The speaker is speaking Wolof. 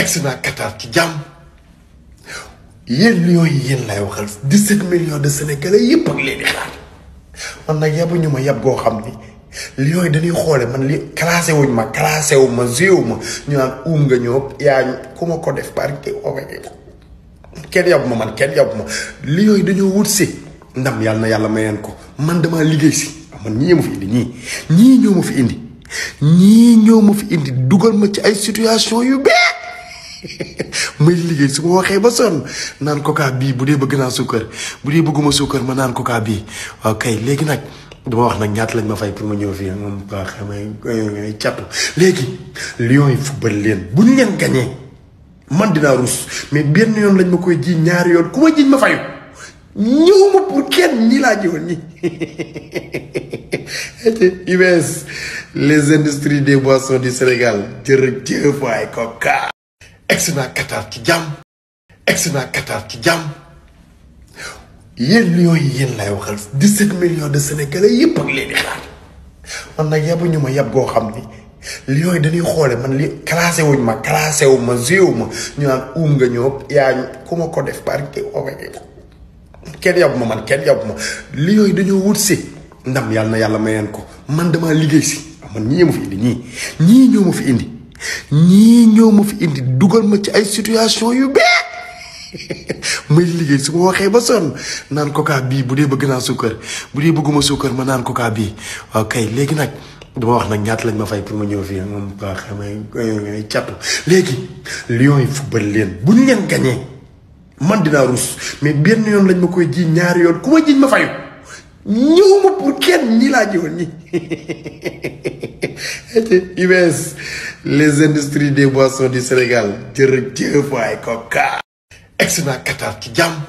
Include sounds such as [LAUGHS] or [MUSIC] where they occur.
egsi naa Qatar ci jàmm yéen lions yi yéen lay waxal 17 millions de sénégalais yëpp ak leen di xaar man nag yabu ñu ma yab goo xam ni lions dañuy xoole man li classé wuñ ma ma géewu ma um nga ñëw yaa ku ma ko def par kenn yabu ma man kenn yabu ma lions yi dañoo wut si ndam yàlla ma yàlla mayeen ko man damaa liggéey si man ñii ma fi indi ñii ñii ma fi indi dugal ma ci ay situation yu bee [LAUGHS] may liggéey su ko waxee ba sonn naan coca bii bu dee bëgg naa suukar bu dee bëgguma suukar ma naan kokaa bii waaw kay léegi nag duma wax nag ñaata lañ ma fay pour ma ñëw fii moom baa xamee catu léegi lion yi football leen bu ñu leen gañee man dinaa rus mais benn yoon lañ ma koy ji ñaari yoon ku ma jiñ ma fayu ñëw ma pour kenn ñi laa jiwoon ñi UBS [LAUGHS] les industries des boissons du Sénégal jërëjëf waay Coca egsi naa Qatar ci jàmm egsi naa Qatar ci jàmm yéen lions yi yéen lay waxal 17 millions de sénégalais yëpp ak leen di xaar man nag yabu ñu ma yab goo xam ni lions dañuy xoole man li classé wuñ ma ma géewu ma nga ñëw yaa ku ma ko def par kenn yabu ma man kenn yabu ma dañoo wut si ndam yàlla na yàlla ma mayeen ko man dama liggéey si man ñii ma fi indi ñii ñii ñoo fi indi. ñii ñoo ma fi indi dugal ma ci ay situation yu bee may liggéey su ma waxee ba sonn naan coca bii bu dee bëgg naa suukar bu dee bëgguma suukar ma naan kokaa bii waaw kay léegi nag dama wax nag ñaata lañ ma fay pour ma ñëw fii moom baa xamee catu léegi lion yi football leen bu ñu leen man dinaa rus mais benn yoon lañ ma koy ji ñaari yoon ku ma jiñ ma fayu ñëw ma pour kenn ñi laa jiwoon ñi UBS [LAUGHS] les industries des boissons du Sénégal jërëjëf waay Coca. egsi naa Qatar ci jàmm.